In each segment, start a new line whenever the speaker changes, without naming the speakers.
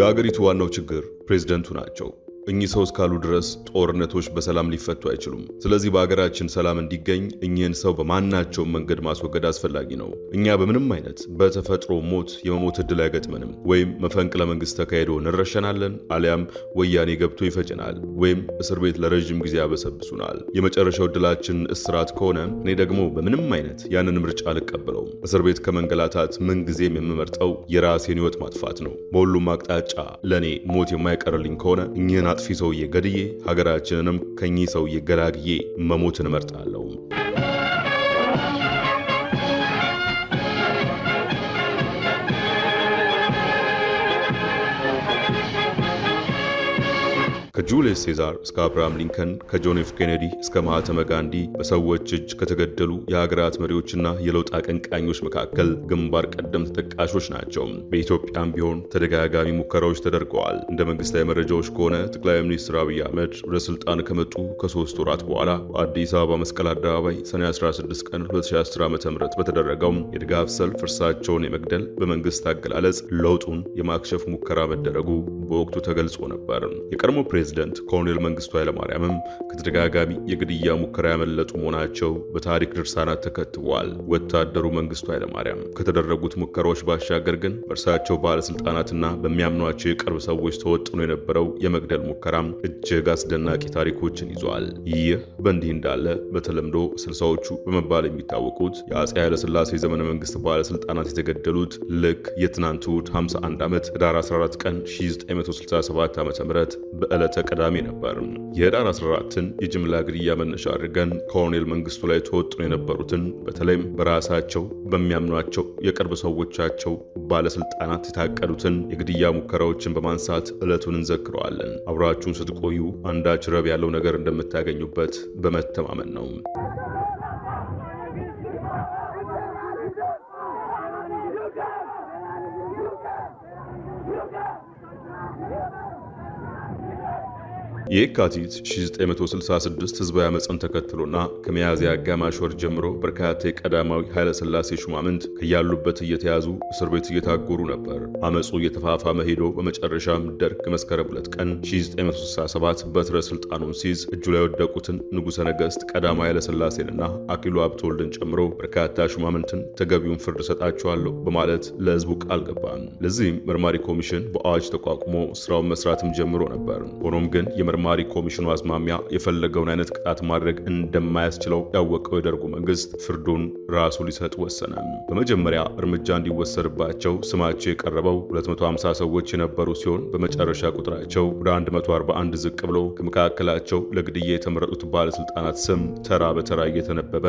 የአገሪቱ ዋናው ችግር ፕሬዝደንቱ ናቸው። እኚህ ሰው እስካሉ ድረስ ጦርነቶች በሰላም ሊፈቱ አይችሉም። ስለዚህ በሀገራችን ሰላም እንዲገኝ እኚህን ሰው በማናቸውም መንገድ ማስወገድ አስፈላጊ ነው። እኛ በምንም አይነት በተፈጥሮ ሞት የመሞት እድል አይገጥመንም። ወይም መፈንቅለ መንግስት ተካሂዶ እንረሸናለን፣ አሊያም ወያኔ ገብቶ ይፈጭናል፣ ወይም እስር ቤት ለረዥም ጊዜ ያበሰብሱናል። የመጨረሻው እድላችን እስራት ከሆነ እኔ ደግሞ በምንም አይነት ያንን ምርጫ አልቀበለውም። እስር ቤት ከመንገላታት ምንጊዜም የምመርጠው የራሴን ህይወት ማጥፋት ነው። በሁሉም አቅጣጫ ለእኔ ሞት የማይቀርልኝ ከሆነ እኚህን አጥፊ ሰውዬ ገድዬ ሀገራችንንም ከኚህ ሰውዬ ገላግዬ መሞትን እንመርጣለሁ። ከጁልስ ሴዛር እስከ አብርሃም ሊንከን ከጆን ኤፍ ኬኔዲ እስከ ማህተመ ጋንዲ በሰዎች እጅ ከተገደሉ የሀገራት መሪዎችና የለውጥ አቀንቃኞች መካከል ግንባር ቀደም ተጠቃሾች ናቸው። በኢትዮጵያም ቢሆን ተደጋጋሚ ሙከራዎች ተደርገዋል። እንደ መንግስታዊ መረጃዎች ከሆነ ጠቅላይ ሚኒስትር አብይ አህመድ ወደ ስልጣን ከመጡ ከሶስት ወራት በኋላ በአዲስ አበባ መስቀል አደባባይ ሰኔ 16 ቀን 2010 ዓ ም በተደረገው የድጋፍ ሰልፍ እርሳቸውን የመግደል በመንግስት አገላለጽ ለውጡን የማክሸፍ ሙከራ መደረጉ በወቅቱ ተገልጾ ነበር። የቀድሞ ፕሬዚደንት ፕሬዚደንት ኮሎኔል መንግስቱ ኃይለማርያምም ከተደጋጋሚ የግድያ ሙከራ ያመለጡ መሆናቸው በታሪክ ድርሳናት ተከትቧል። ወታደሩ መንግስቱ ኃይለማርያም ከተደረጉት ሙከራዎች ባሻገር ግን በእርሳቸው ባለስልጣናትና በሚያምኗቸው የቅርብ ሰዎች ተወጥኖ የነበረው የመግደል ሙከራም እጅግ አስደናቂ ታሪኮችን ይዟል። ይህ በእንዲህ እንዳለ በተለምዶ ስልሳዎቹ በመባል የሚታወቁት የአፄ ኃይለስላሴ ዘመነ መንግስት ባለስልጣናት የተገደሉት ልክ የትናንት እሑድ 51 ዓመት ህዳር 14 ቀን 1967 ዓ ም በዕለተ ቀዳሚ ነበር። የህዳር 14ን የጅምላ ግድያ መነሻ አድርገን ኮሎኔል መንግስቱ ላይ ተወጥኖ የነበሩትን በተለይም በራሳቸው በሚያምኗቸው የቅርብ ሰዎቻቸው ባለስልጣናት የታቀዱትን የግድያ ሙከራዎችን በማንሳት ዕለቱን እንዘክረዋለን። አብራችሁን ስትቆዩ አንዳች ረብ ያለው ነገር እንደምታገኙበት በመተማመን ነው። የካቲት 1966 ህዝባዊ አመፅን ተከትሎና ከሚያዝያ አጋማሽ ወር ጀምሮ በርካታ የቀዳማዊ ኃይለሥላሴ ሹማምንት ከያሉበት እየተያዙ እስር ቤት እየታጎሩ ነበር። አመፁ እየተፋፋመ ሄዶ በመጨረሻም ደርግ መስከረም ሁለት ቀን 1967 በትረ ስልጣኑን ሲይዝ እጁ ላይ የወደቁትን ንጉሠ ነገሥት ቀዳማዊ ኃይለሥላሴንና አክሊሉ ሀብተወልድን ጨምሮ በርካታ ሹማምንትን ተገቢውን ፍርድ ሰጣቸዋለሁ በማለት ለህዝቡ ቃል ገባን። ለዚህም መርማሪ ኮሚሽን በአዋጅ ተቋቁሞ ስራውን መስራትም ጀምሮ ነበር። ሆኖም ግን መርማሪ ኮሚሽኑ አዝማሚያ የፈለገውን አይነት ቅጣት ማድረግ እንደማያስችለው ያወቀው የደርጉ መንግስት ፍርዱን ራሱ ሊሰጥ ወሰነ። በመጀመሪያ እርምጃ እንዲወሰድባቸው ስማቸው የቀረበው 250 ሰዎች የነበሩ ሲሆን በመጨረሻ ቁጥራቸው ወደ 141 ዝቅ ብሎ ከመካከላቸው ለግድያ የተመረጡት ባለስልጣናት ስም ተራ በተራ እየተነበበ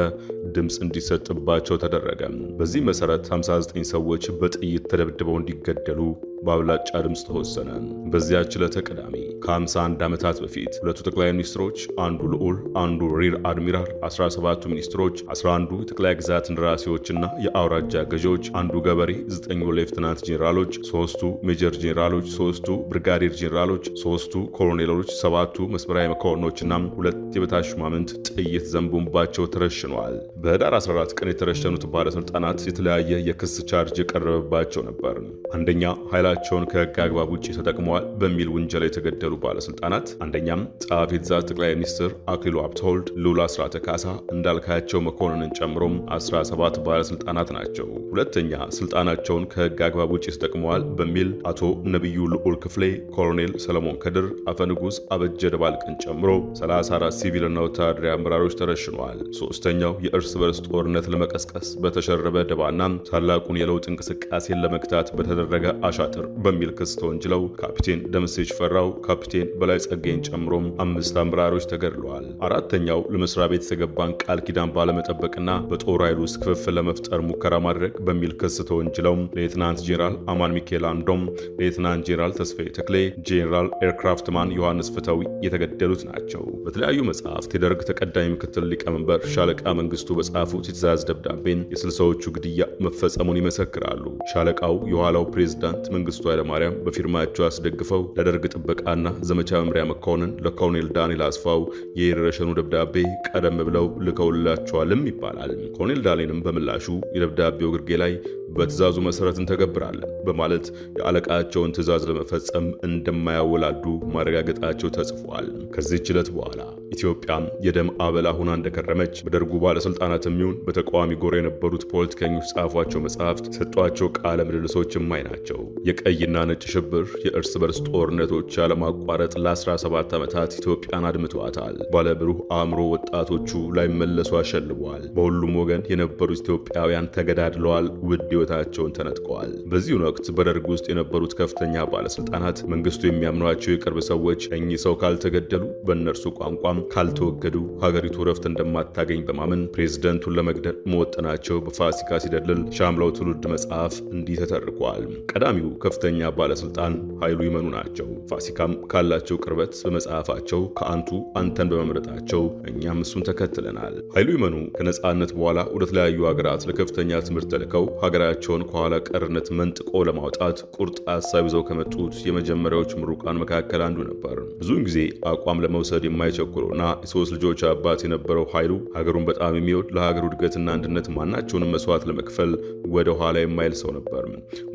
ድምፅ እንዲሰጥባቸው ተደረገ። በዚህ መሰረት 59 ሰዎች በጥይት ተደብድበው እንዲገደሉ በአብላጫ ድምፅ ተወሰነ። በዚያች ዕለተ ቅዳሜ ከ51 ዓመታት በፊት ሁለቱ ጠቅላይ ሚኒስትሮች፣ አንዱ ልዑል፣ አንዱ ሪር አድሚራል፣ 17ቱ ሚኒስትሮች፣ 11ዱ የጠቅላይ ግዛት እንደራሴዎችና የአውራጃ ገዢዎች፣ አንዱ ገበሬ፣ ዘጠኙ ሌፍትናንት ጄኔራሎች፣ ሶስቱ ሜጀር ጄኔራሎች፣ ሶስቱ ብርጋዴር ጄኔራሎች፣ ሶስቱ ኮሎኔሎች፣ ሰባቱ መስመራዊ መኮንኖችና ሁለት የበታች ሹማምንት ጥይት ዘንቡንባቸው ተረሽነዋል። በህዳር 14 ቀን የተረሸኑት ባለስልጣናት የተለያየ የክስ ቻርጅ የቀረበባቸው ነበር። አንደኛ ኃይላ ስልጣናቸውን ከህግ አግባብ ውጭ ተጠቅመዋል በሚል ውንጀላ የተገደሉ ባለስልጣናት አንደኛም ጸሐፊ ትእዛዝ ጠቅላይ ሚኒስትር አክሊሉ ሀብተወልድ፣ ሉላ አስራተ ካሳ፣ እንዳልካቸው መኮንንን ጨምሮም 17 ባለስልጣናት ናቸው። ሁለተኛ ስልጣናቸውን ከህግ አግባብ ውጭ ተጠቅመዋል በሚል አቶ ነቢዩ ልዑል ክፍሌ፣ ኮሎኔል ሰለሞን ከድር፣ አፈንጉስ አበጀ ደባልቅን ጨምሮ 34 ሲቪልና ወታደራዊ አመራሮች ተረሽነዋል። ሶስተኛው የእርስ በርስ ጦርነት ለመቀስቀስ በተሸረበ ደባና ታላቁን የለውጥ እንቅስቃሴን ለመግታት በተደረገ አሻጥር ጭምር በሚል ክስ ተወንጅለው ካፒቴን ደምሴ ሽፈራው፣ ካፒቴን በላይ ጸጋይን ጨምሮም አምስት አመራሮች ተገድለዋል። አራተኛው ለመስሪያ ቤት የተገባን ቃል ኪዳን ባለመጠበቅና በጦር ኃይል ውስጥ ክፍፍል ለመፍጠር ሙከራ ማድረግ በሚል ክስ ተወንጅለው ሌትናንት ጄኔራል አማን ሚካኤል አንዶም ሌትናንት ጄኔራል ተስፋዬ ተክሌ፣ ጄኔራል ኤርክራፍትማን ዮሐንስ ፍተዊ የተገደሉት ናቸው። በተለያዩ መጽሐፍት የደርግ ተቀዳሚ ምክትል ሊቀመንበር ሻለቃ መንግስቱ በጻፉት የትእዛዝ ደብዳቤን የስልሳዎቹ ግድያ መፈጸሙን ይመሰክራሉ። ሻለቃው የኋላው ፕሬዝዳንት መንግስቱ መንግስቱ ኃይለማርያም በፊርማቸው አስደግፈው ለደርግ ጥበቃና ዘመቻ መምሪያ መኮንን ለኮሎኔል ዳንኤል አስፋው የሬሬሽኑ ደብዳቤ ቀደም ብለው ልከውላቸዋልም ይባላል። ኮሎኔል ዳንኤልም በምላሹ የደብዳቤው ግርጌ ላይ በትዕዛዙ መሰረት እንተገብራለን በማለት የአለቃቸውን ትዕዛዝ ለመፈጸም እንደማያወላዱ ማረጋገጣቸው ተጽፏል። ከዚህች ዕለት በኋላ ኢትዮጵያም የደም አበላ ሁና እንደከረመች በደርጉ ባለስልጣናት የሚሆን በተቃዋሚ ጎራ የነበሩት ፖለቲከኞች ጻፏቸው መጽሐፍት፣ ሰጧቸው ቃለ ምልልሶች የማይ ናቸው። የቀይና ነጭ ሽብር፣ የእርስ በርስ ጦርነቶች ያለማቋረጥ ለ17 ዓመታት ኢትዮጵያን አድምተዋታል። ባለብሩህ አእምሮ ወጣቶቹ ላይመለሱ አሸልቧል። በሁሉም ወገን የነበሩት ኢትዮጵያውያን ተገዳድለዋል። ውድ ህይወታቸውን ተነጥቀዋል። በዚህን ወቅት በደርግ ውስጥ የነበሩት ከፍተኛ ባለስልጣናት መንግስቱ የሚያምኗቸው የቅርብ ሰዎች እኚህ ሰው ካልተገደሉ፣ በእነርሱ ቋንቋም ካልተወገዱ ሀገሪቱ እረፍት እንደማታገኝ በማመን ፕሬዝደንቱን ለመግደል መወጠናቸው በፋሲካ ሲደልል ሻምለው ትውልድ መጽሐፍ እንዲህ ተተርኳል። ቀዳሚው ከፍተኛ ባለስልጣን ኃይሉ ይመኑ ናቸው። ፋሲካም ካላቸው ቅርበት በመጽሐፋቸው ከአንቱ አንተን በመምረጣቸው እኛም እሱን ተከትለናል። ኃይሉ ይመኑ ከነጻነት በኋላ ወደ ተለያዩ ሀገራት ለከፍተኛ ትምህርት ተልከው ሀገራ ያላቸውን ከኋላ ቀርነት መንጥቆ ለማውጣት ቁርጥ ሀሳብ ይዘው ከመጡት የመጀመሪያዎች ምሩቃን መካከል አንዱ ነበር። ብዙውን ጊዜ አቋም ለመውሰድ የማይቸኩረውና የሶስት ልጆች አባት የነበረው ኃይሉ ሀገሩን በጣም የሚወድ ለሀገሩ እድገትና አንድነት ማናቸውንም መስዋዕት ለመክፈል ወደ ኋላ የማይል ሰው ነበር።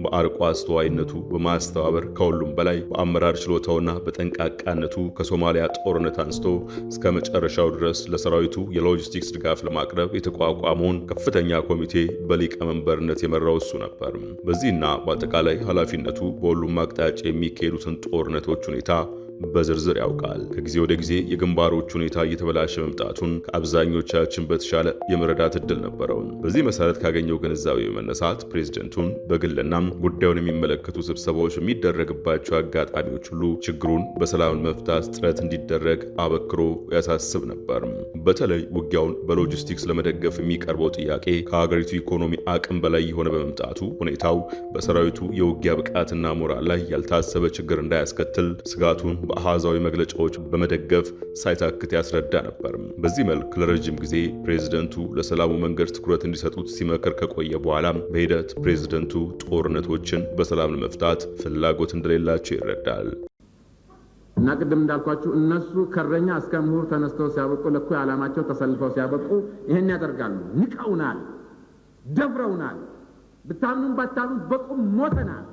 በአርቆ አስተዋይነቱ፣ በማስተባበር ከሁሉም በላይ በአመራር ችሎታውና በጠንቃቃነቱ ከሶማሊያ ጦርነት አንስቶ እስከ መጨረሻው ድረስ ለሰራዊቱ የሎጂስቲክስ ድጋፍ ለማቅረብ የተቋቋመውን ከፍተኛ ኮሚቴ በሊቀመንበርነት የመራ የመራው እሱ ነበር። በዚህና በአጠቃላይ ኃላፊነቱ በሁሉም አቅጣጫ የሚካሄዱትን ጦርነቶች ሁኔታ በዝርዝር ያውቃል። ከጊዜ ወደ ጊዜ የግንባሮች ሁኔታ እየተበላሸ መምጣቱን ከአብዛኞቻችን በተሻለ የመረዳት እድል ነበረው። በዚህ መሰረት ካገኘው ግንዛቤ በመነሳት ፕሬዝደንቱን በግልና ጉዳዩን የሚመለከቱ ስብሰባዎች የሚደረግባቸው አጋጣሚዎች ሁሉ ችግሩን በሰላም መፍታት ጥረት እንዲደረግ አበክሮ ያሳስብ ነበር። በተለይ ውጊያውን በሎጂስቲክስ ለመደገፍ የሚቀርበው ጥያቄ ከሀገሪቱ ኢኮኖሚ አቅም በላይ የሆነ በመምጣቱ ሁኔታው በሰራዊቱ የውጊያ ብቃትና ሞራል ላይ ያልታሰበ ችግር እንዳያስከትል ስጋቱን በአሃዛዊ መግለጫዎች በመደገፍ ሳይታክት ያስረዳ ነበር። በዚህ መልክ ለረጅም ጊዜ ፕሬዝደንቱ ለሰላሙ መንገድ ትኩረት እንዲሰጡት ሲመክር ከቆየ በኋላ በሂደት ፕሬዝደንቱ ጦርነቶችን በሰላም ለመፍታት ፍላጎት እንደሌላቸው ይረዳል።
እና ቅድም እንዳልኳችሁ እነሱ ከረኛ እስከ ምሁር ተነስተው ሲያበቁ ለኩ ዓላማቸው ተሰልፈው ሲያበቁ ይህን ያደርጋሉ። ንቀውናል፣ ደፍረውናል፣ ብታምኑም ባታምኑ በቁም ሞተናል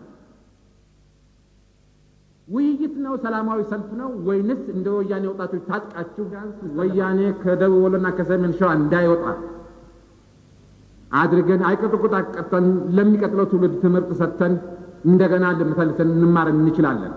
ውይይት ነው? ሰላማዊ ሰልፍ ነው? ወይንስ እንደ ወያኔ ወጣቶች ታጥቃችሁ ወያኔ ከደቡብ ወሎና ከሰሜን ሸዋ እንዳይወጣ አድርገን አይቀጥቁጥ አቀጥተን ለሚቀጥለው ትውልድ ትምህርት ሰጥተን እንደገና ልምፈልሰን እንማር እንችላለን።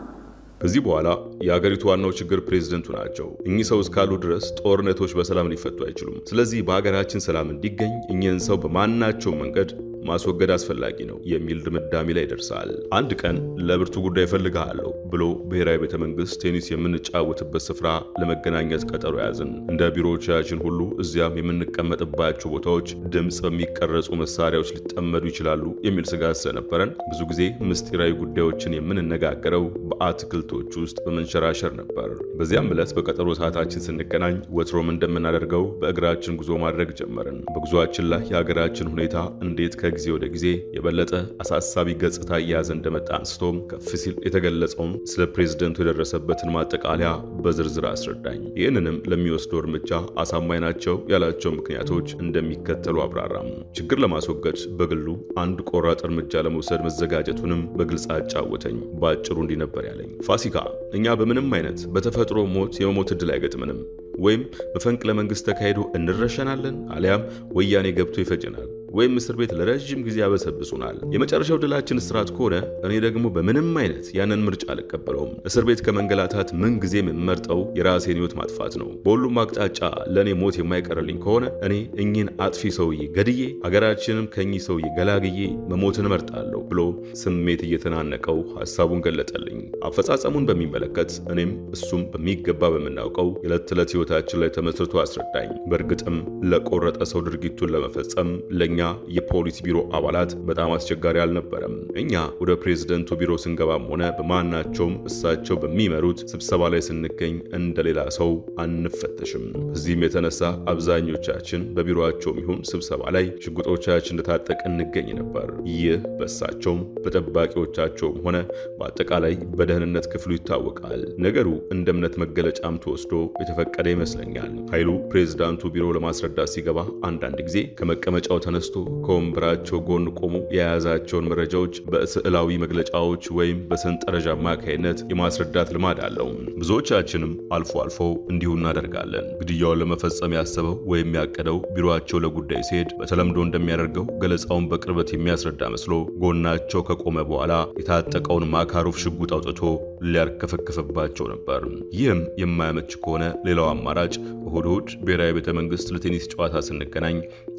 ከዚህ በኋላ የአገሪቱ ዋናው ችግር ፕሬዝደንቱ ናቸው። እኚህ ሰው እስካሉ ድረስ ጦርነቶች በሰላም ሊፈቱ አይችሉም። ስለዚህ በሀገራችን ሰላም እንዲገኝ እኚህን ሰው በማናቸው መንገድ ማስወገድ አስፈላጊ ነው የሚል ድምዳሜ ላይ ይደርሳል። አንድ ቀን ለብርቱ ጉዳይ እፈልግሃለሁ ብሎ ብሔራዊ ቤተ መንግስት ቴኒስ የምንጫወትበት ስፍራ ለመገናኘት ቀጠሮ ያዝን። እንደ ቢሮዎቻችን ሁሉ እዚያም የምንቀመጥባቸው ቦታዎች ድምፅ በሚቀረጹ መሳሪያዎች ሊጠመዱ ይችላሉ የሚል ስጋት ስለነበረን ብዙ ጊዜ ምስጢራዊ ጉዳዮችን የምንነጋገረው በአትክልቶች ውስጥ በመንሸራሸር ነበር። በዚያም ዕለት በቀጠሮ ሰዓታችን ስንገናኝ ወትሮም እንደምናደርገው በእግራችን ጉዞ ማድረግ ጀመርን። በጉዞአችን ላይ የሀገራችን ሁኔታ እንዴት ከ ከጊዜ ወደ ጊዜ የበለጠ አሳሳቢ ገጽታ እያያዘ እንደመጣ አንስቶ ከፍ ሲል የተገለጸውም ስለ ፕሬዝደንቱ የደረሰበትን ማጠቃለያ በዝርዝር አስረዳኝ። ይህንንም ለሚወስደው እርምጃ አሳማኝ ናቸው ያላቸው ምክንያቶች እንደሚከተሉ አብራራም። ችግር ለማስወገድ በግሉ አንድ ቆራጥ እርምጃ ለመውሰድ መዘጋጀቱንም በግልጽ አጫወተኝ። በአጭሩ እንዲህ ነበር ያለኝ። ፋሲካ እኛ በምንም አይነት በተፈጥሮ ሞት የመሞት እድል አይገጥምንም። ወይም መፈንቅለ መንግስት ተካሂዶ እንረሸናለን አሊያም ወያኔ ገብቶ ይፈጭናል ወይም እስር ቤት ለረዥም ጊዜ ያበሰብሱናል። የመጨረሻው ድላችን እስራት ከሆነ እኔ ደግሞ በምንም አይነት ያንን ምርጫ አልቀበለውም። እስር ቤት ከመንገላታት ምን ጊዜ የምመርጠው የራሴን ህይወት ማጥፋት ነው። በሁሉም አቅጣጫ ለእኔ ሞት የማይቀርልኝ ከሆነ እኔ እኚህን አጥፊ ሰውዬ ገድዬ ሀገራችንም ከእኚህ ሰውዬ ገላግዬ መሞትን እመርጣለሁ ብሎ ስሜት እየተናነቀው ሀሳቡን ገለጠልኝ። አፈጻጸሙን በሚመለከት እኔም እሱም በሚገባ በምናውቀው የዕለት ተዕለት ሕይወታችን ላይ ተመስርቶ አስረዳኝ። በእርግጥም ለቆረጠ ሰው ድርጊቱን ለመፈጸም ለእኛ የፖሊስ ቢሮ አባላት በጣም አስቸጋሪ አልነበረም። እኛ ወደ ፕሬዝደንቱ ቢሮ ስንገባም ሆነ በማናቸውም እሳቸው በሚመሩት ስብሰባ ላይ ስንገኝ እንደሌላ ሰው አንፈተሽም። በዚህም የተነሳ አብዛኞቻችን በቢሮቸውም ይሁን ስብሰባ ላይ ሽጉጦቻችን እንደታጠቅ እንገኝ ነበር። ይህ በእሳቸውም በጠባቂዎቻቸውም ሆነ በአጠቃላይ በደህንነት ክፍሉ ይታወቃል። ነገሩ እንደ እምነት መገለጫም ተወስዶ የተፈቀደ ይመስለኛል። ኃይሉ ፕሬዝዳንቱ ቢሮ ለማስረዳት ሲገባ አንዳንድ ጊዜ ከመቀመጫው ተነስቶ ከወንበራቸው ጎን ቆሞ የያዛቸውን መረጃዎች በስዕላዊ መግለጫዎች ወይም በሰንጠረዥ አማካይነት የማስረዳት ልማድ አለው። ብዙዎቻችንም አልፎ አልፎ እንዲሁ እናደርጋለን። ግድያውን ለመፈጸም ያሰበው ወይም ያቀደው ቢሮቸው ለጉዳይ ሲሄድ በተለምዶ እንደሚያደርገው ገለጻውን በቅርበት የሚያስረዳ መስሎ ጎናቸው ከቆመ በኋላ የታጠቀውን ማካሮፍ ሽጉጥ አውጥቶ ሊያርከፈከፍባቸው ነበር። ይህም የማያመች ከሆነ ሌላው አማራጭ እሁድ እሁድ ብሔራዊ ቤተ መንግስት ለቴኒስ ጨዋታ ስንገናኝ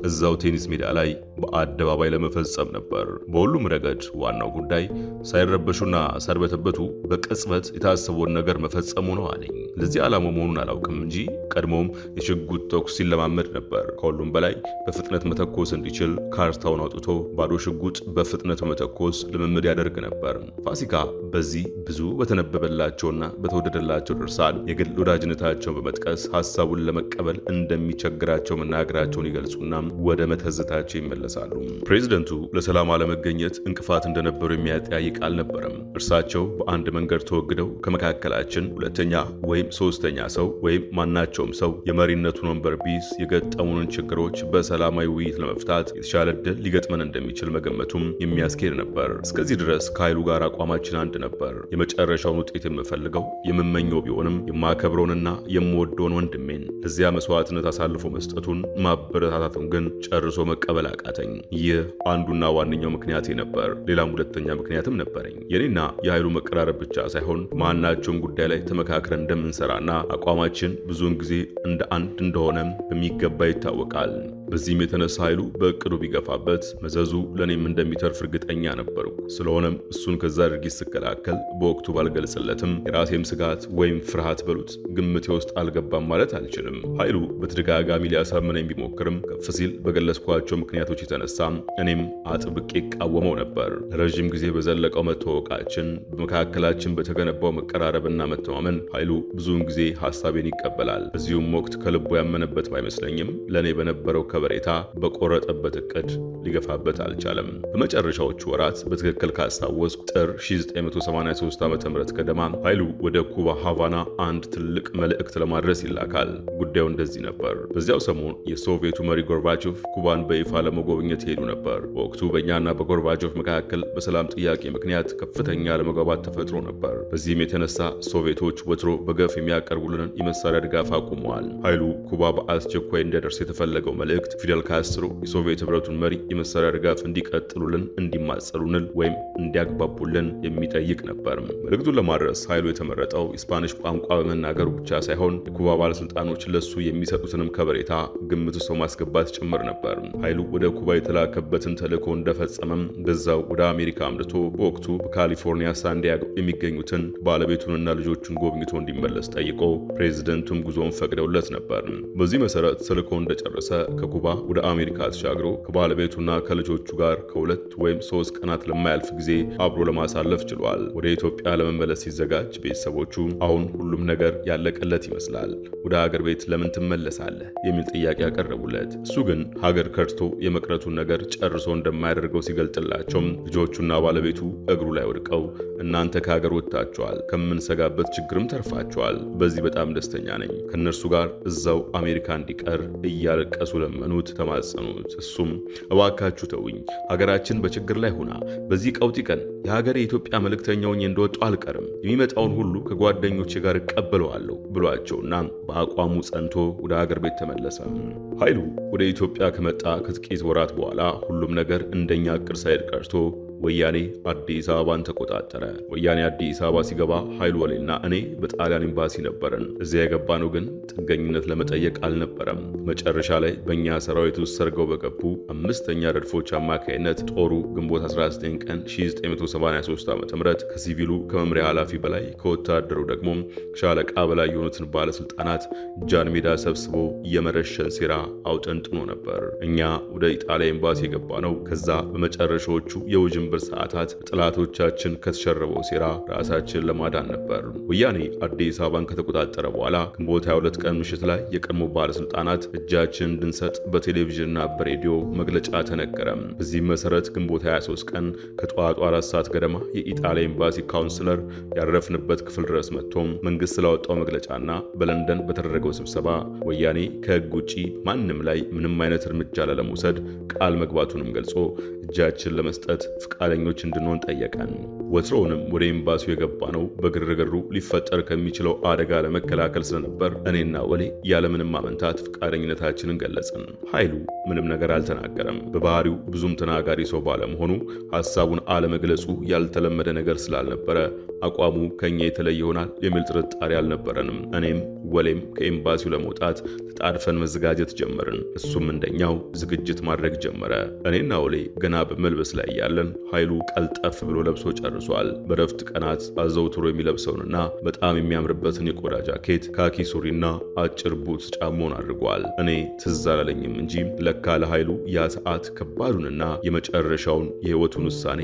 እዛው ቴኒስ ሜዳ ላይ በአደባባይ ለመፈጸም ነበር። በሁሉም ረገድ ዋናው ጉዳይ ሳይረበሹና ሳይርበተበቱ በቅጽበት የታሰበውን ነገር መፈጸሙ ነው አለኝ። ለዚህ ዓላማ መሆኑን አላውቅም እንጂ ቀድሞም የሽጉጥ ተኩስ ሲለማመድ ነበር። ከሁሉም በላይ በፍጥነት መተኮስ እንዲችል ካርታውን አውጥቶ ባዶ ሽጉጥ በፍጥነት መተኮስ ልምምድ ያደርግ ነበር። ፋሲካ በዚህ ብዙ በተነበበላቸውና በተወደደላቸው ድርሳል የግል ወዳጅነታቸውን በመጥቀ በመጥቀስ ሀሳቡን ለመቀበል እንደሚቸግራቸው መናገራቸውን ይገልጹና ወደ መተዝታቸው ይመለሳሉ። ፕሬዚደንቱ ለሰላም አለመገኘት እንቅፋት እንደነበሩ የሚያጠያይቅ አልነበረም። እርሳቸው በአንድ መንገድ ተወግደው ከመካከላችን ሁለተኛ ወይም ሶስተኛ ሰው ወይም ማናቸውም ሰው የመሪነቱን ወንበር ቢስ የገጠሙንን ችግሮች በሰላማዊ ውይይት ለመፍታት የተሻለ እድል ሊገጥመን እንደሚችል መገመቱም የሚያስኬድ ነበር። እስከዚህ ድረስ ከኃይሉ ጋር አቋማችን አንድ ነበር። የመጨረሻውን ውጤት የምፈልገው የምመኘው ቢሆንም የማከብረውንና የምወደ የምወደውን ወንድሜን እዚያ መስዋዕትነት አሳልፎ መስጠቱን ማበረታታቱን ግን ጨርሶ መቀበል አቃተኝ። ይህ አንዱና ዋነኛው ምክንያቴ ነበር። ሌላም ሁለተኛ ምክንያትም ነበረኝ። የኔና የኃይሉ መቀራረብ ብቻ ሳይሆን ማናቸውም ጉዳይ ላይ ተመካክረን እንደምንሰራና አቋማችን ብዙውን ጊዜ እንደ አንድ እንደሆነ በሚገባ ይታወቃል። በዚህም የተነሳ ኃይሉ በእቅዱ ቢገፋበት መዘዙ ለእኔም እንደሚተርፍ እርግጠኛ ነበርኩ። ስለሆነም እሱን ከዛ ድርጊት ስከላከል በወቅቱ ባልገልጽለትም የራሴም ስጋት ወይም ፍርሃት በሉት ግምቴ ውስጥ አልገባም ማለት አልችልም። ኃይሉ በተደጋጋሚ ሊያሳምነኝ ቢሞክርም ከፍ ሲል በገለጽኳቸው ምክንያቶች የተነሳ እኔም አጥብቄ ይቃወመው ነበር። ለረዥም ጊዜ በዘለቀው መተዋወቃችን በመካከላችን በተገነባው መቀራረብና መተማመን ኃይሉ ብዙውን ጊዜ ሀሳቤን ይቀበላል። በዚሁም ወቅት ከልቦ ያመነበት ባይመስለኝም ለእኔ በነበረው ከበሬታ በቆረጠበት እቅድ ሊገፋበት አልቻለም። በመጨረሻዎቹ ወራት በትክክል ካስታወስኩ ጥር 1983 ዓ ም ገደማ ኃይሉ ወደ ኩባ ሃቫና አንድ ትልቅ መልእክት ለማድረስ ይላካል። ጉዳዩ እንደዚህ ነበር። በዚያው ሰሞን የሶቪየቱ መሪ ጎርባቾቭ ኩባን በይፋ ለመጎብኘት ሄዱ ነበር። በወቅቱ በእኛና በጎርባቾቭ መካከል በሰላም ጥያቄ ምክንያት ከፍተኛ አለመግባባት ተፈጥሮ ነበር። በዚህም የተነሳ ሶቪየቶች ወትሮ በገፍ የሚያቀርቡልንን የመሳሪያ ድጋፍ አቁመዋል። ኃይሉ ኩባ በአስቸኳይ እንዲደርስ የተፈለገው መልእክት መልእክት ፊደል ካስትሮ የሶቪየት ህብረቱን መሪ የመሳሪያ ድጋፍ እንዲቀጥሉልን፣ እንዲማጸሉልን ወይም እንዲያግባቡልን የሚጠይቅ ነበር። መልእክቱን ለማድረስ ኃይሉ የተመረጠው የስፓኒሽ ቋንቋ በመናገሩ ብቻ ሳይሆን የኩባ ባለስልጣኖች ለሱ የሚሰጡትንም ከበሬታ ግምት ውስጥ በማስገባት ጭምር ነበር። ኃይሉ ወደ ኩባ የተላከበትን ተልእኮ እንደፈጸመም በዛው ወደ አሜሪካ አምርቶ በወቅቱ በካሊፎርኒያ ሳንዲያጎ የሚገኙትን ባለቤቱንና ልጆቹን ጎብኝቶ እንዲመለስ ጠይቆ ፕሬዚደንቱም ጉዞውን ፈቅደውለት ነበር። በዚህ መሰረት ተልእኮ እንደጨረሰ ከ ከኩባ ወደ አሜሪካ ተሻግሮ ከባለቤቱና ከልጆቹ ጋር ከሁለት ወይም ሶስት ቀናት ለማያልፍ ጊዜ አብሮ ለማሳለፍ ችሏል። ወደ ኢትዮጵያ ለመመለስ ሲዘጋጅ ቤተሰቦቹ አሁን ሁሉም ነገር ያለቀለት ይመስላል፣ ወደ ሀገር ቤት ለምን ትመለሳለህ የሚል ጥያቄ ያቀረቡለት፣ እሱ ግን ሀገር ከድቶ የመቅረቱን ነገር ጨርሶ እንደማያደርገው ሲገልጥላቸውም ልጆቹና ባለቤቱ እግሩ ላይ ወድቀው እናንተ ከሀገር ወጥታችኋል፣ ከምንሰጋበት ችግርም ተርፋችኋል። በዚህ በጣም ደስተኛ ነኝ። ከእነርሱ ጋር እዛው አሜሪካ እንዲቀር እያለቀሱ ለመኑ። ለለመኑት ተማጸኑት። እሱም እባካችሁ ተውኝ፣ ሀገራችን በችግር ላይ ሆና በዚህ ቀውጢ ቀን የሀገር የኢትዮጵያ መልእክተኛውኝ እንደወጡ አልቀርም፣ የሚመጣውን ሁሉ ከጓደኞቼ ጋር እቀበለዋለሁ ብሏቸውና በአቋሙ ጸንቶ ወደ ሀገር ቤት ተመለሰ። ኃይሉ ወደ ኢትዮጵያ ከመጣ ከጥቂት ወራት በኋላ ሁሉም ነገር እንደኛ እቅድ ሳይድ ቀርቶ ወያኔ አዲስ አበባን ተቆጣጠረ። ወያኔ አዲስ አበባ ሲገባ ኃይሉ ወሌና እኔ በጣሊያን ኤምባሲ ነበርን። እዚያ የገባነው ግን ጥገኝነት ለመጠየቅ አልነበረም። መጨረሻ ላይ በእኛ ሰራዊት ውስጥ ሰርገው በገቡ አምስተኛ ረድፎች አማካይነት ጦሩ ግንቦት 19 ቀን 1973 ዓ ም ከሲቪሉ ከመምሪያ ኃላፊ በላይ ከወታደሩ ደግሞ ሻለቃ በላይ የሆኑትን ባለስልጣናት ጃን ሜዳ ሰብስቦ የመረሸን ሴራ አውጠንጥኖ ነበር። እኛ ወደ ኢጣሊያ ኤምባሲ የገባ ነው ከዛ በመጨረሻዎቹ የውጅም የሽብር ሰዓታት ጠላቶቻችን ከተሸረበው ሴራ ራሳችን ለማዳን ነበር። ወያኔ አዲስ አበባን ከተቆጣጠረ በኋላ ግንቦት 22 ቀን ምሽት ላይ የቀድሞ ባለስልጣናት እጃችን እንድንሰጥ በቴሌቪዥንና በሬዲዮ መግለጫ ተነገረም። በዚህም መሰረት ግንቦት 23 ቀን ከጠዋቱ አራት ሰዓት ገደማ የኢጣሊያ ኤምባሲ ካውንስለር ያረፍንበት ክፍል ድረስ መጥቶም መንግስት ስላወጣው መግለጫና በለንደን በተደረገው ስብሰባ ወያኔ ከህግ ውጪ ማንም ላይ ምንም አይነት እርምጃ ላለመውሰድ ቃል መግባቱንም ገልጾ እጃችን ለመስጠት ፍቃ ፈቃደኞች እንድንሆን ጠየቀን። ወትሮውንም ወደ ኤምባሲው የገባ ነው በግርግሩ ሊፈጠር ከሚችለው አደጋ ለመከላከል ስለነበር እኔና ወሌ ያለምንም ማመንታት ፈቃደኝነታችንን ገለጽን። ኃይሉ ምንም ነገር አልተናገረም። በባህሪው ብዙም ተናጋሪ ሰው ባለመሆኑ ሀሳቡን አለመግለጹ ያልተለመደ ነገር ስላልነበረ አቋሙ ከኛ የተለየ ይሆናል የሚል ጥርጣሬ አልነበረንም። እኔም ወሌም ከኤምባሲው ለመውጣት ተጣድፈን መዘጋጀት ጀመርን። እሱም እንደኛው ዝግጅት ማድረግ ጀመረ። እኔና ወሌ ገና በመልበስ ላይ ያለን ኃይሉ ቀልጠፍ ብሎ ለብሶ ጨርሷል። በረፍት ቀናት አዘውትሮ የሚለብሰውንና በጣም የሚያምርበትን የቆዳ ጃኬት፣ ካኪ ሱሪና አጭር ቡት ጫማውን አድርጓል። እኔ ትዝ አላለኝም እንጂ ለካ ለኃይሉ ያ ሰዓት ከባዱንና የመጨረሻውን የህይወቱን ውሳኔ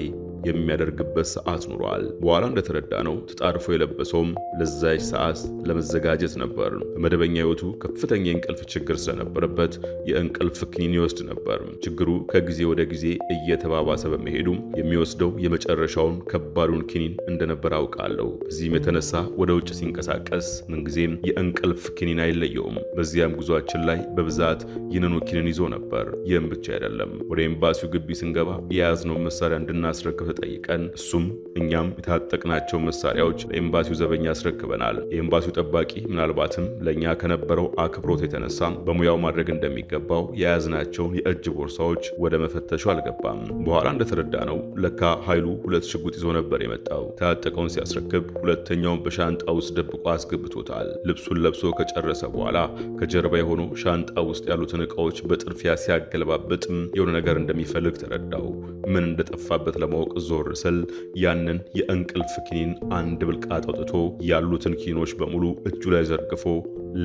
የሚያደርግበት ሰዓት ኑሯል። በኋላ እንደተረዳ ነው ተጣርፎ የለበሰውም ለዛች ሰዓት ለመዘጋጀት ነበር። በመደበኛ ህይወቱ ከፍተኛ የእንቅልፍ ችግር ስለነበረበት የእንቅልፍ ክኒን ይወስድ ነበር። ችግሩ ከጊዜ ወደ ጊዜ እየተባባሰ በመሄዱም የሚወስደው የመጨረሻውን ከባዱን ክኒን እንደነበር አውቃለሁ። በዚህም የተነሳ ወደ ውጭ ሲንቀሳቀስ ምንጊዜም የእንቅልፍ ክኒን አይለየውም። በዚያም ጉዟችን ላይ በብዛት ይህንኑ ክኒን ይዞ ነበር። ይህም ብቻ አይደለም፣ ወደ ኤምባሲው ግቢ ስንገባ የያዝነው መሳሪያ እንድናስረክብ ጠይቀን እሱም እኛም የታጠቅናቸው መሳሪያዎች ለኤምባሲው ዘበኛ አስረክበናል። የኤምባሲው ጠባቂ ምናልባትም ለእኛ ከነበረው አክብሮት የተነሳ በሙያው ማድረግ እንደሚገባው የያዝናቸውን የእጅ ቦርሳዎች ወደ መፈተሹ አልገባም። በኋላ እንደተረዳ ነው ለካ ኃይሉ ሁለት ሽጉጥ ይዞ ነበር የመጣው። የታጠቀውን ሲያስረክብ ሁለተኛውን በሻንጣ ውስጥ ደብቆ አስገብቶታል። ልብሱን ለብሶ ከጨረሰ በኋላ ከጀርባ የሆኑ ሻንጣ ውስጥ ያሉትን እቃዎች በጥርፊያ ሲያገለባበጥም የሆነ ነገር እንደሚፈልግ ተረዳው። ምን እንደጠፋበት ለማወቅ ዞር ስል ያንን የእንቅልፍ ኪኒን አንድ ብልቃት አውጥቶ ያሉትን ኪኖች በሙሉ እጁ ላይ ዘርግፎ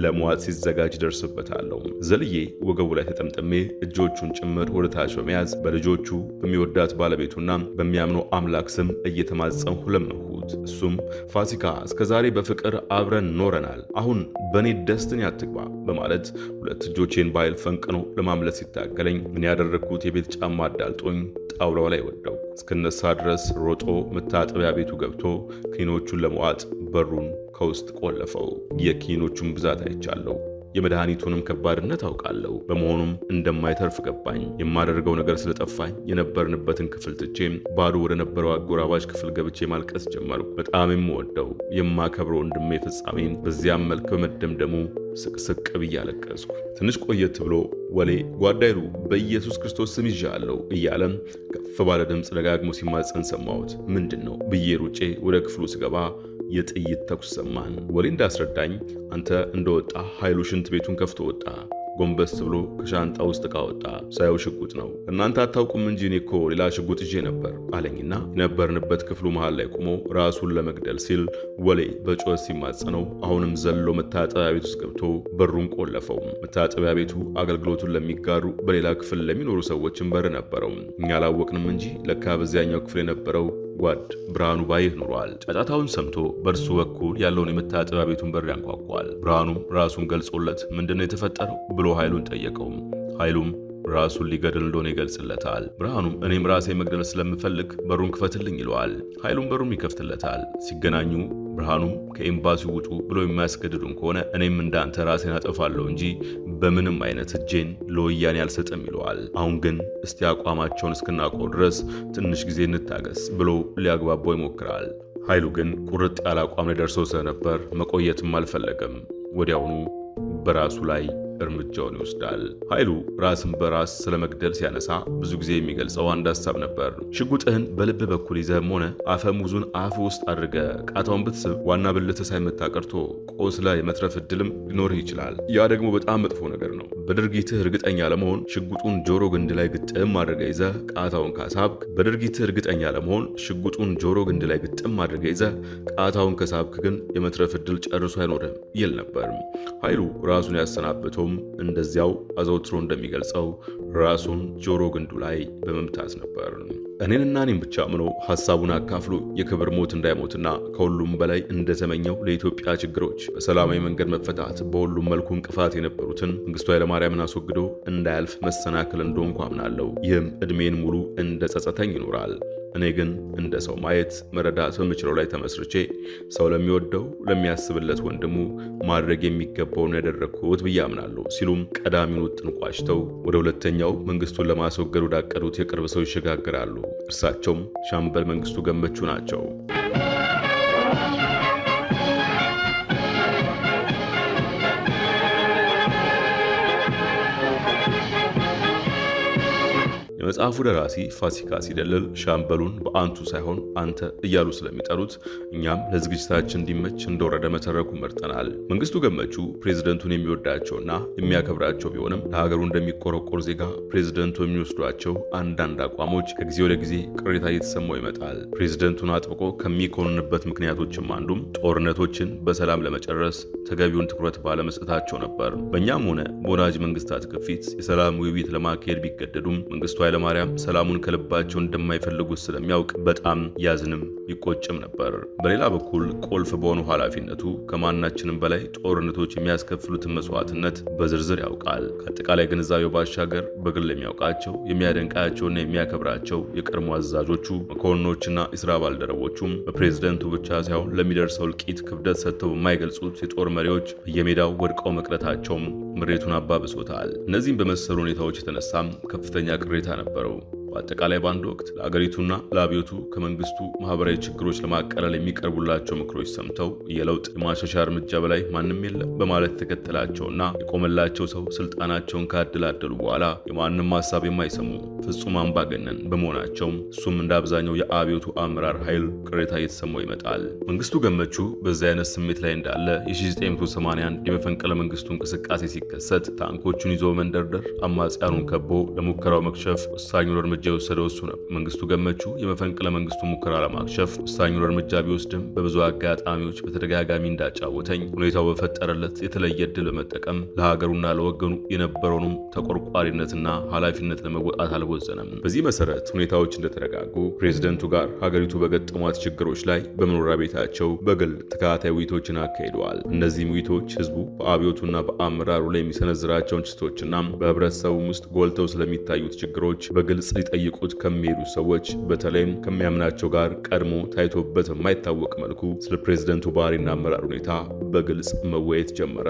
ለመዋጥ ሲዘጋጅ ደርስበታለሁ። ዘልዬ ወገቡ ላይ ተጠምጥሜ እጆቹን ጭምር ወደ ታች በመያዝ በልጆቹ በሚወዳት ባለቤቱና በሚያምነው አምላክ ስም እየተማጸንሁ ለመንሁት። እሱም ፋሲካ እስከዛሬ በፍቅር አብረን ኖረናል፣ አሁን በእኔ ደስትን ያትግባ በማለት ሁለት እጆቼን ባይል ፈንቅኖ ለማምለስ ሲታገለኝ ምን ያደረግኩት የቤት ጫማ አዳልጦኝ ጣውላው ላይ ወደው እስክነሳ ድረስ ሮጦ መታጠቢያ ቤቱ ገብቶ ክኒኖቹን ለመዋጥ በሩን ከውስጥ ቆለፈው። የክኒኖቹን ብዛት አይቻለሁ። የመድኃኒቱንም ከባድነት አውቃለሁ። በመሆኑም እንደማይተርፍ ገባኝ። የማደርገው ነገር ስለጠፋኝ የነበርንበትን ክፍል ትቼ ባዶ ወደ ነበረው አጎራባች ክፍል ገብቼ ማልቀስ ጀመሩ። በጣም የምወደው የማከብረው ወንድሜ ፍጻሜ በዚያም መልክ በመደምደሙ ስቅስቅ ብዬ አለቀስኩ። ትንሽ ቆየት ብሎ ወሌ ጓዳይሉ በኢየሱስ ክርስቶስ ስም ይዣለሁ እያለም ከፍ ባለ ድምፅ ደጋግሞ ሲማፀን ሰማሁት። ምንድን ነው ብዬ ሩጬ ወደ ክፍሉ ስገባ የጥይት ተኩስ ሰማን። ወሌ እንዳስረዳኝ አንተ እንደወጣ ኃይሉሽን ሽንት ቤቱን ከፍቶ ወጣ። ጎንበስ ብሎ ከሻንጣ ውስጥ ዕቃ ወጣ። ሳየው ሽጉጥ ነው። እናንተ አታውቁም እንጂ እኔ እኮ ሌላ ሽጉጥ ይዤ ነበር አለኝና የነበርንበት ክፍሉ መሃል ላይ ቆሞ ራሱን ለመግደል ሲል ወሌ በጩኸት ሲማጸነው አሁንም ዘሎ መታጠቢያ ቤት ውስጥ ገብቶ በሩን ቆለፈው። መታጠቢያ ቤቱ አገልግሎቱን ለሚጋሩ በሌላ ክፍል ለሚኖሩ ሰዎችን በር ነበረው። እኛ አላወቅንም እንጂ ለካ በዚያኛው ክፍል የነበረው ጓድ ብርሃኑ ባይህ ኑሯል። ጫጫታውን ሰምቶ በእርሱ በኩል ያለውን የመታጠቢያ ቤቱን በር ያንኳኳል። ብርሃኑም ራሱን ገልጾለት ምንድነው የተፈጠረው ብሎ ኃይሉን ጠየቀውም። ኃይሉም ራሱን ሊገድል እንደሆነ ይገልጽለታል። ብርሃኑም እኔም ራሴ መግደል ስለምፈልግ በሩን ክፈትልኝ ይለዋል። ኃይሉም በሩም ይከፍትለታል። ሲገናኙ ብርሃኑም ከኤምባሲው ውጡ ብሎ የሚያስገድዱን ከሆነ እኔም እንዳንተ ራሴን አጠፋለሁ እንጂ በምንም አይነት እጄን ለወያኔ አልሰጥም ይለዋል። አሁን ግን እስቲ አቋማቸውን እስክናውቀው ድረስ ትንሽ ጊዜ እንታገስ ብሎ ሊያግባባው ይሞክራል። ኃይሉ ግን ቁርጥ ያለ አቋም ላይ ደርሶ ስለነበር መቆየትም አልፈለገም። ወዲያውኑ በራሱ ላይ እርምጃውን ይወስዳል። ኃይሉ ራስን በራስ ስለመግደል ሲያነሳ ብዙ ጊዜ የሚገልጸው አንድ ሀሳብ ነበር። ሽጉጥህን በልብ በኩል ይዘህም ሆነ አፈሙዙን አፍ ውስጥ አድርገ ቃታውን ብትስብ ዋና ብልት ሳይመታ ቀርቶ ቆስለ የመትረፍ እድልም ሊኖርህ ይችላል። ያ ደግሞ በጣም መጥፎ ነገር ነው። በድርጊትህ እርግጠኛ ለመሆን ሽጉጡን ጆሮ ግንድ ላይ ግጥም አድርገ ይዘህ ቃታውን ካሳብክ፣ በድርጊትህ እርግጠኛ ለመሆን ሽጉጡን ጆሮ ግንድ ላይ ግጥም አድርገ ይዘህ ቃታውን ከሳብክ ግን የመትረፍ እድል ጨርሶ አይኖርህም ይል ነበር። ኃይሉ ራሱን ያሰናበተው ቃሉም እንደዚያው አዘውትሮ እንደሚገልጸው ራሱን ጆሮ ግንዱ ላይ በመምታት ነበር። እኔንና እኔም ብቻ አምኖ ሀሳቡን አካፍሎ የክብር ሞት እንዳይሞትና ከሁሉም በላይ እንደተመኘው ለኢትዮጵያ ችግሮች በሰላማዊ መንገድ መፈታት በሁሉም መልኩ እንቅፋት የነበሩትን መንግስቱ ኃይለማርያምን አስወግዶ እንዳያልፍ መሰናክል እንደሆንኩ አምናለሁ። ይህም እድሜን ሙሉ እንደ ጸጸተኝ ይኖራል። እኔ ግን እንደ ሰው ማየት መረዳት በምችለው ላይ ተመስርቼ ሰው ለሚወደው ለሚያስብለት ወንድሙ ማድረግ የሚገባውን ያደረግኩት ብዬ አምናለሁ። ሲሉም ቀዳሚውን ውጥን ቋጭተው ወደ ሁለተኛው መንግስቱን ለማስወገድ ወዳቀዱት የቅርብ ሰው ይሸጋግራሉ። እርሳቸውም ሻምበል መንግስቱ ገመቹ ናቸው። የመጽሐፉ ደራሲ ፋሲካ ሲደልል ሻምበሉን በአንቱ ሳይሆን አንተ እያሉ ስለሚጠሩት እኛም ለዝግጅታችን እንዲመች እንደወረደ መተረኩ መርጠናል። መንግስቱ ገመቹ ፕሬዝደንቱን የሚወዳቸውና የሚያከብራቸው ቢሆንም ለሀገሩ እንደሚቆረቆር ዜጋ ፕሬዝደንቱ የሚወስዷቸው አንዳንድ አቋሞች ከጊዜ ወደ ጊዜ ቅሬታ እየተሰማው ይመጣል። ፕሬዝደንቱን አጥብቆ ከሚኮንንበት ምክንያቶችም አንዱም ጦርነቶችን በሰላም ለመጨረስ ተገቢውን ትኩረት ባለመስጠታቸው ነበር። በእኛም ሆነ በወዳጅ መንግስታት ግፊት የሰላም ውይይት ለማካሄድ ቢገደዱም መንግስቱ ኃይለ ኃይለማርያም ሰላሙን ከልባቸው እንደማይፈልጉት ስለሚያውቅ በጣም ያዝንም ይቆጭም ነበር። በሌላ በኩል ቁልፍ በሆኑ ኃላፊነቱ ከማናችንም በላይ ጦርነቶች የሚያስከፍሉትን መስዋዕትነት በዝርዝር ያውቃል። ከአጠቃላይ ግንዛቤው ባሻገር በግል የሚያውቃቸው የሚያደንቃቸውና የሚያከብራቸው የቀድሞ አዛዦቹ መኮንኖችና የስራ ባልደረቦቹም በፕሬዝደንቱ ብቻ ሳይሆን ለሚደርሰው እልቂት ክብደት ሰጥተው በማይገልጹት የጦር መሪዎች በየሜዳው ወድቀው መቅረታቸውም ምሬቱን አባብሶታል። እነዚህም በመሰሉ ሁኔታዎች የተነሳም ከፍተኛ ቅሬታ ነበር parou. በአጠቃላይ በአንድ ወቅት ለአገሪቱና ለአብዮቱ ከመንግስቱ ማህበራዊ ችግሮች ለማቀለል የሚቀርቡላቸው ምክሮች ሰምተው የለውጥ የማሻሻ እርምጃ በላይ ማንም የለም በማለት የተከተላቸውና የቆመላቸው ሰው ስልጣናቸውን ካደላደሉ በኋላ የማንም ሀሳብ የማይሰሙ ፍጹም አምባገነን በመሆናቸውም እሱም እንደ አብዛኛው የአብዮቱ አመራር ኃይል ቅሬታ እየተሰማው ይመጣል። መንግስቱ ገመቹ በዚህ አይነት ስሜት ላይ እንዳለ የ1981 የመፈንቅለ መንግስቱ እንቅስቃሴ ሲከሰት ታንኮቹን ይዞ መንደርደር አማጽያኑን ከቦ ለሙከራው መክሸፍ ወሳኙን እርምጃ የወሰደው እሱ ነው። መንግስቱ ገመቹ የመፈንቅለ መንግስቱ ሙከራ ለማክሸፍ ወሳኙን እርምጃ ቢወስድም በብዙ አጋጣሚዎች በተደጋጋሚ እንዳጫወተኝ ሁኔታው በፈጠረለት የተለየ እድል በመጠቀም ለሀገሩና ለወገኑ የነበረውንም ተቆርቋሪነትና ኃላፊነት ለመወጣት አልወዘነም። በዚህ መሰረት ሁኔታዎች እንደተረጋጉ ፕሬዝደንቱ ጋር ሀገሪቱ በገጠሟት ችግሮች ላይ በመኖሪያ ቤታቸው በግል ተከታታይ ውይይቶችን አካሂደዋል። እነዚህም ውይይቶች ህዝቡ በአብዮቱና በአመራሩ ላይ የሚሰነዝራቸውን ችቶችና በህብረተሰቡም ውስጥ ጎልተው ስለሚታዩት ችግሮች በግልጽ ሊጠይቁት ከሚሄዱ ሰዎች በተለይም ከሚያምናቸው ጋር ቀድሞ ታይቶበት የማይታወቅ መልኩ ስለ ፕሬዚደንቱ ባህሪና አመራር ሁኔታ በግልጽ መወየት ጀመረ።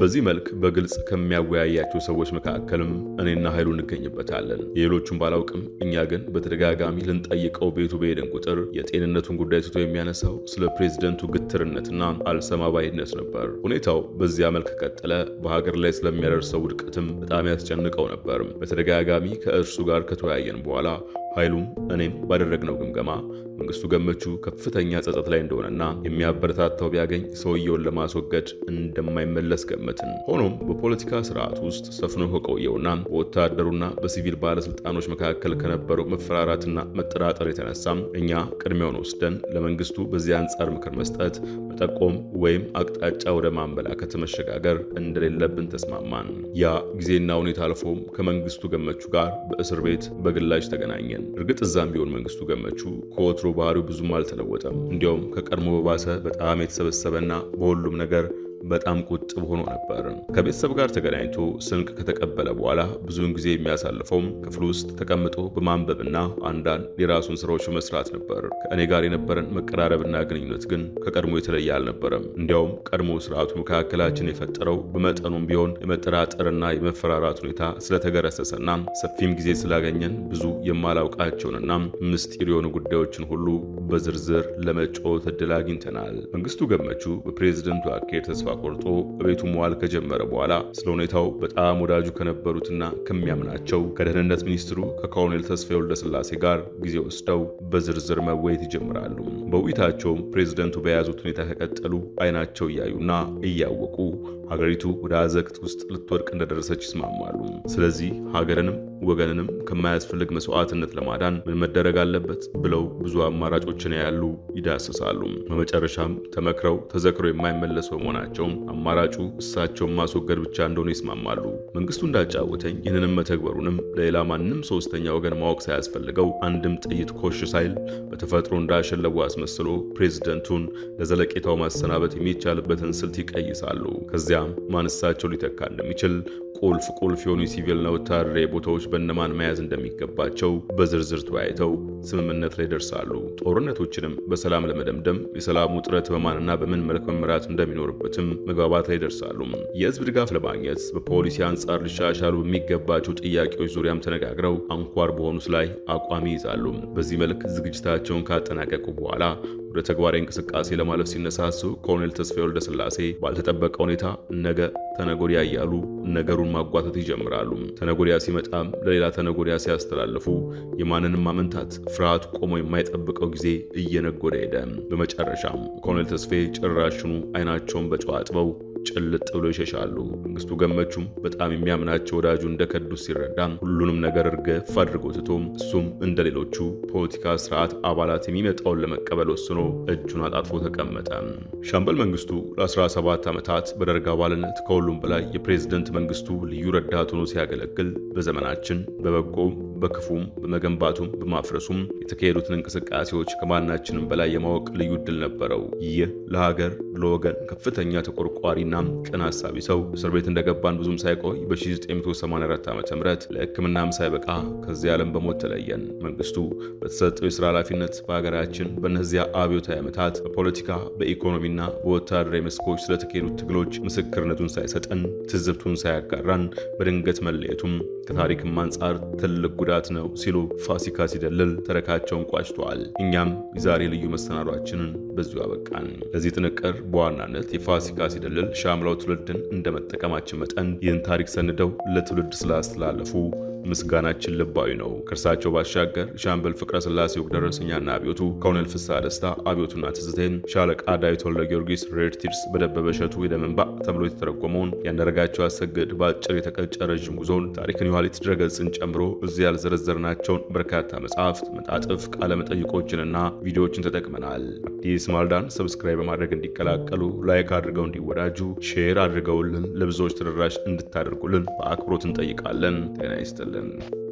በዚህ መልክ በግልጽ ከሚያወያያቸው ሰዎች መካከልም እኔና ኃይሉ እንገኝበታለን። የሌሎቹን ባላውቅም እኛ ግን በተደጋጋሚ ልንጠይቀው ቤቱ በሄደን ቁጥር የጤንነቱን ጉዳይ ትቶ የሚያነሳው ስለ ፕሬዚደንቱ ግትርነትና አልሰማባይነት ነበር። ሁኔታው በዚያ መልክ ቀጠለ። በሀገር ላይ ስለሚያደርሰው ውድቀትም በጣም ያስጨንቀው ነበር። በተደጋጋሚ ከእርሱ ጋር ከተወያየን Voilà ኃይሉም እኔም ባደረግነው ግምገማ መንግስቱ ገመቹ ከፍተኛ ጸጸት ላይ እንደሆነና የሚያበረታታው ቢያገኝ ሰውየውን ለማስወገድ እንደማይመለስ ገመትን። ሆኖም በፖለቲካ ስርዓት ውስጥ ሰፍኖ ከቆየውና በወታደሩና በሲቪል ባለስልጣኖች መካከል ከነበረው መፈራራትና መጠራጠር የተነሳ እኛ ቅድሚያውን ወስደን ለመንግስቱ በዚህ አንጻር ምክር መስጠት፣ መጠቆም ወይም አቅጣጫ ወደ ማመላከት መሸጋገር እንደሌለብን ተስማማን። ያ ጊዜና ሁኔታ አልፎም ከመንግስቱ ገመቹ ጋር በእስር ቤት በግላጭ ተገናኘን። እርግጥ እዛም ቢሆን መንግስቱ ገመቹ ከወትሮ ባህሪው ብዙም አልተለወጠም። እንዲያውም ከቀድሞ በባሰ በጣም የተሰበሰበና በሁሉም ነገር በጣም ቁጥብ ሆኖ ነበር። ከቤተሰብ ጋር ተገናኝቶ ስንቅ ከተቀበለ በኋላ ብዙውን ጊዜ የሚያሳልፈውም ክፍል ውስጥ ተቀምጦ በማንበብና አንዳንድ የራሱን ስራዎች መስራት ነበር። ከእኔ ጋር የነበረን መቀራረብና ግንኙነት ግን ከቀድሞ የተለየ አልነበረም። እንዲያውም ቀድሞ ስርዓቱ መካከላችን የፈጠረው በመጠኑም ቢሆን የመጠራጠርና የመፈራራት ሁኔታ ስለተገረሰሰና ሰፊም ጊዜ ስላገኘን ብዙ የማላውቃቸውንና ምስጢር የሆኑ ጉዳዮችን ሁሉ በዝርዝር ለመጫወት እድል አግኝተናል። መንግስቱ ገመቹ በፕሬዚደንቱ አኬር ተስፋ ተስፋ ቆርጦ በቤቱ መዋል ከጀመረ በኋላ ስለ ሁኔታው በጣም ወዳጁ ከነበሩትና ከሚያምናቸው ከደህንነት ሚኒስትሩ ከኮሎኔል ተስፋዬ ወልደስላሴ ጋር ጊዜ ወስደው በዝርዝር መወየት ይጀምራሉ። በውይይታቸውም ፕሬዝደንቱ በያዙት ሁኔታ ከቀጠሉ አይናቸው እያዩና እያወቁ ሀገሪቱ ወደ አዘቅት ውስጥ ልትወድቅ እንደደረሰች ይስማማሉ። ስለዚህ ሀገርንም ወገንንም ከማያስፈልግ መስዋዕትነት ለማዳን ምን መደረግ አለበት ብለው ብዙ አማራጮችን ያሉ ይዳስሳሉ። በመጨረሻም ተመክረው ተዘክረው የማይመለሱ በመሆናቸውም አማራጩ እሳቸውን ማስወገድ ብቻ እንደሆነ ይስማማሉ። መንግስቱ እንዳጫወተኝ ይህንንም መተግበሩንም ለሌላ ማንም ሶስተኛ ወገን ማወቅ ሳያስፈልገው አንድም ጥይት ኮሽ ሳይል በተፈጥሮ እንዳሸለቡ አስመስሎ ፕሬዚደንቱን ለዘለቄታው ማሰናበት የሚቻልበትን ስልት ይቀይሳሉ። ከዚያ ደረጃ ማነሳቸው ሊተካ እንደሚችል ቁልፍ ቁልፍ የሆኑ የሲቪልና ወታደራዊ ቦታዎች በእነማን መያዝ እንደሚገባቸው በዝርዝር ተወያይተው ስምምነት ላይ ደርሳሉ። ጦርነቶችንም በሰላም ለመደምደም የሰላሙ ጥረት በማንና በምን መልክ መምራት እንደሚኖርበትም መግባባት ላይ ደርሳሉ። የህዝብ ድጋፍ ለማግኘት በፖሊሲ አንጻር ሊሻሻሉ በሚገባቸው ጥያቄዎች ዙሪያም ተነጋግረው አንኳር በሆኑት ላይ አቋም ይይዛሉ። በዚህ መልክ ዝግጅታቸውን ካጠናቀቁ በኋላ ወደ ተግባራዊ እንቅስቃሴ ለማለፍ ሲነሳሱ ኮሎኔል ተስፋዬ ወልደስላሴ ባልተጠበቀ ሁኔታ ነገ ተነጎዲያ እያሉ ነገሩን ነገሩን ማጓተት ይጀምራሉ። ተነጎሪያ ሲመጣ ለሌላ ተነጎሪያ ሲያስተላልፉ የማንንም ማመንታት ፍርሃት ቆሞ የማይጠብቀው ጊዜ እየነጎደ ሄደ። በመጨረሻም ኮሎኔል ተስፌ ጭራሽኑ አይናቸውን በጨዋ አጥበው ጭልጥ ብለው ይሸሻሉ። መንግስቱ ገመቹም በጣም የሚያምናቸው ወዳጁ እንደከዱት ሲረዳ ሁሉንም ነገር እርገፍ አድርጎ ትቶ እሱም እንደ ሌሎቹ ፖለቲካ ስርዓት አባላት የሚመጣውን ለመቀበል ወስኖ እጁን አጣጥፎ ተቀመጠ። ሻምበል መንግስቱ ለ17 ዓመታት በደርግ አባልነት ከሁሉም በላይ የፕሬዝደንት መንግስቱ ልዩ ረዳት ሆኖ ሲያገለግል በዘመናችን በበጎም በክፉም በመገንባቱም በማፍረሱም የተካሄዱትን እንቅስቃሴዎች ከማናችንም በላይ የማወቅ ልዩ እድል ነበረው። ይህ ለሀገር ለወገን ከፍተኛ ተቆርቋሪ ታታሪና ቅን ሀሳቢ ሰው እስር ቤት እንደገባን ብዙም ሳይቆይ በ1984 ዓ ም ለህክምናም ሳይበቃ ከዚህ ዓለም በሞት ተለየን። መንግስቱ በተሰጠው የስራ ኃላፊነት በሀገራችን በእነዚያ አብዮታዊ ዓመታት በፖለቲካ በኢኮኖሚና በወታደራዊ መስኮች ስለተካሄዱት ትግሎች ምስክርነቱን ሳይሰጠን ትዝብቱን ሳያጋራን በድንገት መለየቱም ከታሪክም አንጻር ትልቅ ጉዳት ነው ሲሉ ፋሲካ ሲደልል ተረካቸውን ቋጭተዋል። እኛም የዛሬ ልዩ መሰናዷችንን በዚሁ አበቃን። ለዚህ ጥንቅር በዋናነት የፋሲካ ሲደልል ሻምላው ትውልድን እንደመጠቀማችን መጠን ይህን ታሪክ ሰንደው ለትውልድ ስላስተላለፉ ምስጋናችን ልባዊ ነው። ከእርሳቸው ባሻገር ሻምበል ፍቅረ ስላሴ ወግደረሰኛና አብዮቱ፣ ኮሎኔል ፍስሐ ደስታ አብዮቱና ትዝቴን፣ ሻለቃ ዳዊት ወልደ ጊዮርጊስ ሬድ ቲርስ፣ በደበበ እሸቱ የደመንባ ተብሎ የተተረጎመውን ያንደረጋቸው አሰግድ በአጭር የተቀጨ ረዥም ጉዞን ታሪክን የኋሊት ድረገጽን ጨምሮ እዚህ ያልዘረዘርናቸውን በርካታ መጽሐፍት፣ መጣጥፍ፣ ቃለመጠይቆችንና ቪዲዮዎችን ተጠቅመናል። አዲስ ማልዳን ሰብስክራይብ በማድረግ እንዲቀላቀሉ፣ ላይክ አድርገው እንዲወዳጁ፣ ሼር አድርገውልን ለብዙዎች ተደራሽ እንድታደርጉልን በአክብሮት እንጠይቃለን። ጤና ይስጥልን። them.